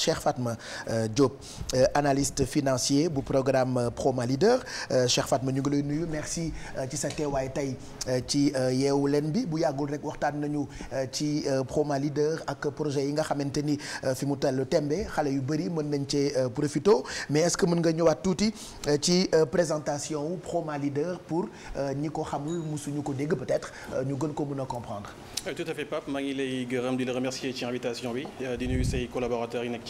Cheikh Fatma euh, Diop euh, analyste financier bu programme euh, Proma Leader Cheikh Fatma ñu ngi lay nuyu merci ci sa teewaay tey ci yeewu leen bi bu yàggul rek waxtaan nañu ci Proma Leader ak projet yi nga xamante ni fi mu tàll tembe xale yu bëri mën nañ cee profito mais est que mën nga ñëwaat tuuti ci présentation wu Proma Leader pour ñi ko xamul musuñu ko dégg peut-être ñu gën ko mën a comprendre. tout à fait Pape maa ngi lay gërëm di la remercier ci invitation bi di nuyu say collaborateurs yi nekk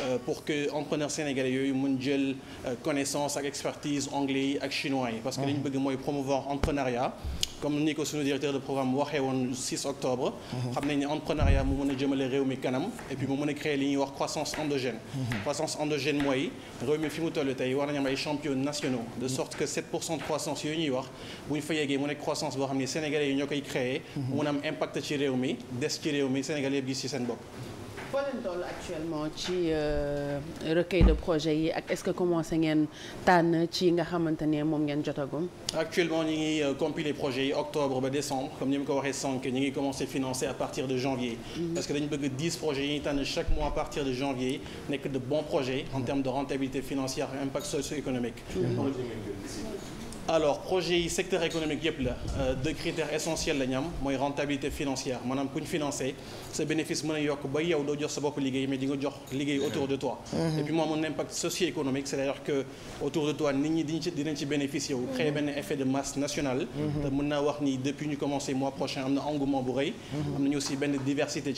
Euh, pour que entrepreneur sénégalais yooyu mun jël euh, connaissance ak expertise anglais yi ak chinois yi parce que li ñu bëgg mooy promouvoir entrepreneuriat comme ni ko suñu directeur de programme waxee woon 6 octobre xam nañ ne entrepreneuriat mu mën a jëmale réew mi kanam et puis mu a créer li ñuy wax croissance endogène croissance endogène mooy réew mi fi mu toll tey war nañu ay champions nationaux de sorte que 7 pour cent de croissance yooyu ñuy wax bu ñu fa yeggee mu croissance boo xam ne sénégalais ñoo koy créer a am impact réew mi des ci réew mi sénégalais yëpp gis ci seen bopp foo leen toll actuellement ci euh, recueil de projet yi ak est-ce que commencé ngeen tànn ci nga xamante ne moom ngeen jotagum. actuellement ñu ngi euh, compiler projet yi octobre ba décembre comme ni ma ko waxee sànq ñu ngi commencé financer à partir de janvier. Mm-hmm. parce que dañu bëgg dix projets yi ñu tànn chaque mois à partir de janvier nekk de bons projets en termes de rentabilité financière impact socio-économique. Mm-hmm. alors projet yi secteur économique yëpp la euh, deux critères essentiels la mooy rentabilité financière maanaam ku ñu financé sa bénéfice mën a yokk ba yow doo jox sa bopp liggéey mais di nga jox liggéey autour de toi. Mhm. et puis mu am un impact socio-économique à que autour de toi nit ñi dinañ ci bénéficier wu. créer mhm. benn effet de masse nationale. Mhm. te mën wax ni depuis ñu commencé mois prochain am na engouement bu rëy. am nañu aussi benn diversité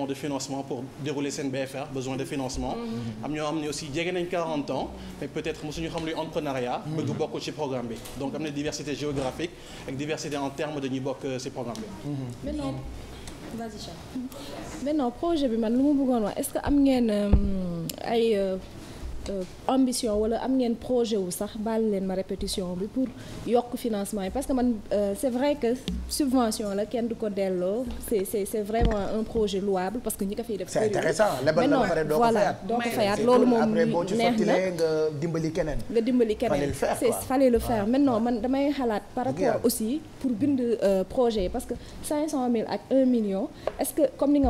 également de financement pour dérouler seen BFR besoin de financement mm-hmm. am ñoo xam aussi jege nañ 40 ans mais peut-être mosuñu xam luy entrepreneuriat mm-hmm. bëgg bokk ci programme donc am diversité géographique ak diversité en termes de ñuy bokk euh, programme bi mm-hmm. vas-y Charles projet bi man lu ma bëggoon wax est que am ngeen euh, ay euh, Euh, ambition wala am ngeen projet wu sax baal leen ma répétition bi pour yokk financement yi parce que man euh, c' vrai que subvention la kenn du ko delloo c' vraiment un projet louable parce que ñi ko def. c' est intéressant lebal la ko fayaat loolu moom neex na nga dimbali keneen. nga dimbali keneen c' est fallait le faire maintenant man damay xalaat par rapport aussi pour bind euh, projet yi parce que 500000 ak 1 million est ce que comme ni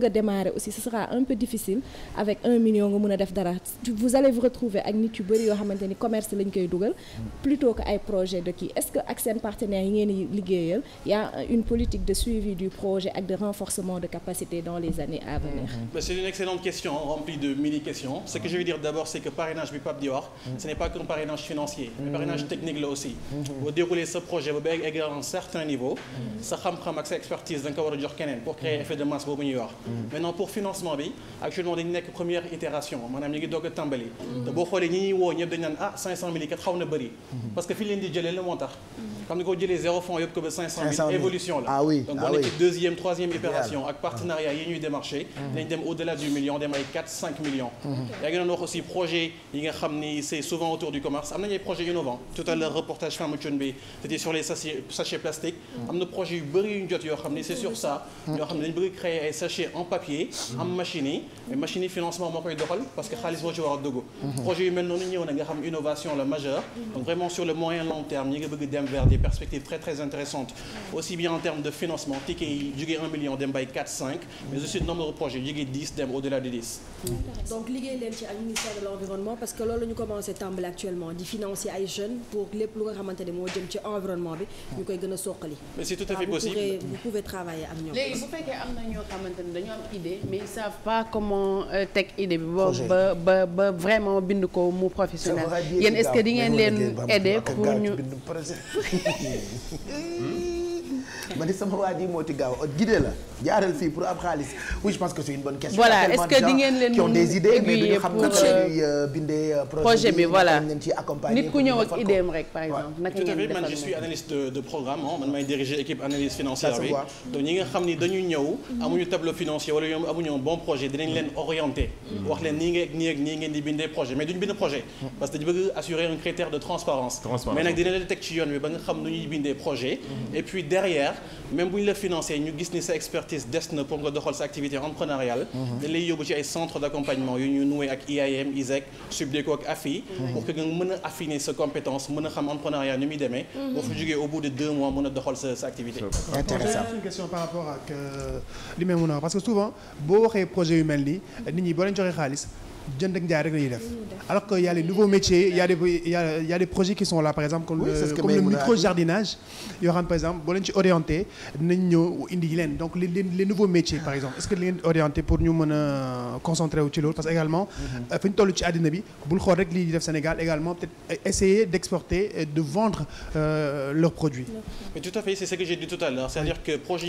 a démarrer aussi ce un peu difficile avec un million nga mën a def dara vous allez vous retrouver ak nit yu bëri yoo xamante ni commerce lañ koy dugal plutôt que ay projet de kii est-ce que ak seen partenaires yi ngeen liggéeyal y une politique de suivi du projet ak de renforcement de capacité dans les années à venir mm-hmm. c'est une excellente question remplie de mille questions ce que je veux dire d'abord c'est que parrainage bi Pape di mm-hmm. ce n'est pas qu'un parrainage financier lancement bi actuellement dañu nekk première itération maanaam ñu ngi doog a tàmbali mm-hmm. te boo xoolee ñi ñuy woo ñëpp dañu naan ah 500000 yi kat xaw na bëri mm-hmm. parce que fi leen di jëlee la moo tax mm-hmm. xam nga ko jëlee zéro fonds yóbbu ko ba 500000 évolution la ah oui donc ah boo nekkee deuxième troisième itération ak partenariat yi ñuy démarché dañ dem au delà du million dem ay 4 5 millions yaa ngi doon wax aussi projet yi nga xam ni c'est souvent autour du commerce am nañu ay projets innovants tout à l'heure reportage Femme Thioune bi c'était sur les sachets sachets plastiques am na projet yu bëri yu ñu jot yoo xam ni c'est sur ça ñoo xam ne dañu bëgg créer ay sachets en papier machines yi financement moo koy doxal mhm. projet yu noonu ñëw na nga xam innovation la majeure mhm. donc vraiment moyen long terme ñi nga bëgg dem vers des perspectives très intéressantes aussi bien en termes de financement ticket yi jugee 1 million dem mais aussi de projets jugee 10 dem au-delà de 10 parce que loolu ñu commencé tàmbali actuellement di financer ay jeunes pour lépp lu nga ne moo jëm ci environnement bi ñu koy gën a soqali mais savent pas comment euh, teg idée bi. ba ba ba vraiment bind ko mu professionnel. yéen est-ce que di ngeen leen aider pour ñu. ma ni sama waa ji moo ti gaaw a gide la. jaaral je pense que c'est une bonne question. voilà est-ce que di ngeen leen euh, euh, euh, projet bi nit ku ñëw ak idée am rek par exemple. naka ngeen defal de programme man may diriger équipe analyse financière donc ñi nga xam ni dañu ñëw amuñu tableau financier wala ñoom amuñu bon projet dinañ leen ngeen nii ak projet parce que dañu bëgg assurer un critère de transparence mais nag dina leen teg ci yoon bi nga xam nu ñuy bindee projet mm-hmm. et puis derrière même artiste des na pour nga doxal sa activité entrepreneuriale mhm. dañ lay yóbbu ci ay centre d' accompagnement yu ñu ak IAM ISEC Subdeco ak AFI mhm. pour que nga mën a affiner sa compétence mën a xam entrepreneuriat ni muy demee mhm. boo fa jógee au bout de deux mois mën a doxal sa sa activité intéressant par rapport ak euh, li parce que souvent boo waxee projet yu mel nii nit ñi boo leen joxee xaalis jënd ak njaay alors que y a des projets qui sont là par exemple comme le, comme le micro jardinage yoo par exemple boo leen ci orienté dinañ ñëw indi donc les nouveaux métiers par exemple est-ce que leen pour ñu mën a concentré wu parce que également mm-hmm. euh, fi ñu toll ci àddina bi bul Sénégal également euh, essayer d'exporter et de vendre euh, leurs produits mais tout à fait c'est ce que j'ai dit tout à l'heure c'est-à-dire que projet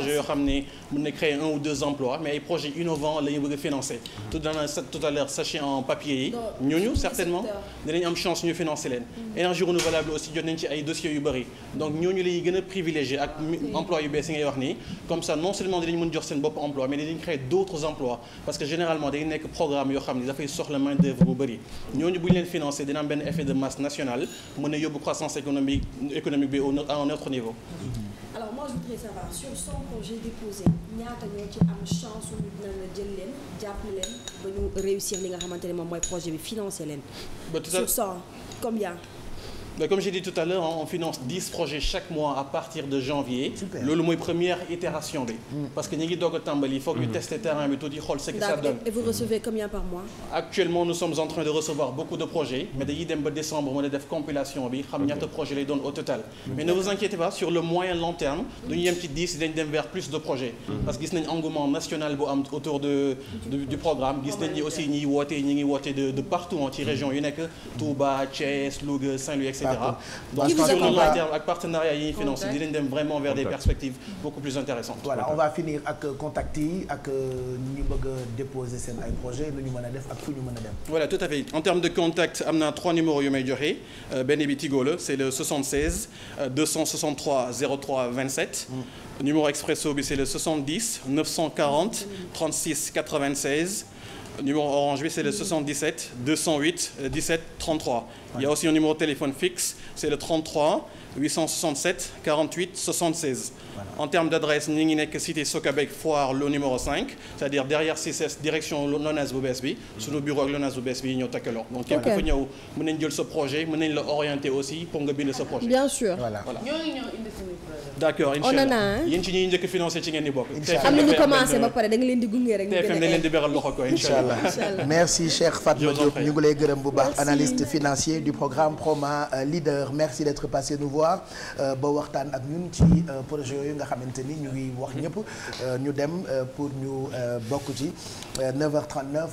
projets yoo xam ne mën na créer un ou deux emplois mais ay projets innovants la ñu bëgg tout à l'heure sachet en papier yi ñooñu certainement dinañ am chance ñu financer leen mm-hmm. énergie renouvelable aussi jot nañ ci ay dossiers yu bëri donc ñooñu lay gën a privilégié ak emploi yu bees yi ngay wax nii comme ça non seulement dinañ mën jox seen bopp emploi mais dinañ créer d'autres emplois parce que généralement day nekk ne dafay je voudrais savoir sur son projet déposé ñaata ñoo ci am chance ñu dina la jël leen jàpp leen ba ñu réussir li nga xamante ne moom mooy projet bi financer leen. ba sur comme combien. ma comme j'ai dit tout à finance 10 projets chaque mois à partir de janvier loolu mooy première itération bi mm. parce que ñu ngi doog a tàmbali il faut que ñu mm-hmm. teste terrain bi tuuti xool ce que et vous recevez combien par mois actuellement nous sommes en train de recevoir beaucoup de projets mais dañuy décembre mën a def compilation bi xam ñaata mm-hmm. mais ne vous inquiétez pas sur le moyen long terme duñu yem ci 10 dañ dem vers plus de projets mm-hmm. parce que gis nañ engouement national bu am autour de du programme gis nañ ni cetera donc sur yi ñuy financé dinañ dem vraiment vers des perspectives beaucoup plus intéressantes euh, euh, bëgg a déposer seen ay projet lu ñu mën a def ak fu ñu mën a dem voilà tout à fait en termes de contact am na trois numéros yu may joxe euh, benn bi Tigo la c'est le 76 263 03 27 numéro expresso bi c'est le 70 940 36 96 numéro Orange bi c'est le 77 208 17 33. Il y a aussi un numéro de téléphone fixe, c'est ñi ngi nekk cité Socabek Foire le numéro 5 c'est-à-dire bu bees bi mm. suñu bureau ak LONASE bees bi ñoo takkaloo donc képp ku fa ñëw projet mën nañ la orienter aussi pour nga bind d'accord incha allah on en ci ñuy njëkk financé ci ngeen di bokk. am na ñu commencé ba pare da leen di gunge rek. ñu gën a TFM leen di beral loxo ko incha allah. merci Cheikh Fatma ñu ngi lay gërëm bu baax. analyste financier du programme Proma euh, Leader merci d'être passé nous voir euh, ba waxtaan ak ñun ci euh, projet yooyu nga xamante ni ñu ngi wax ñëpp ñu dem pour ñu bokk ci 9h39.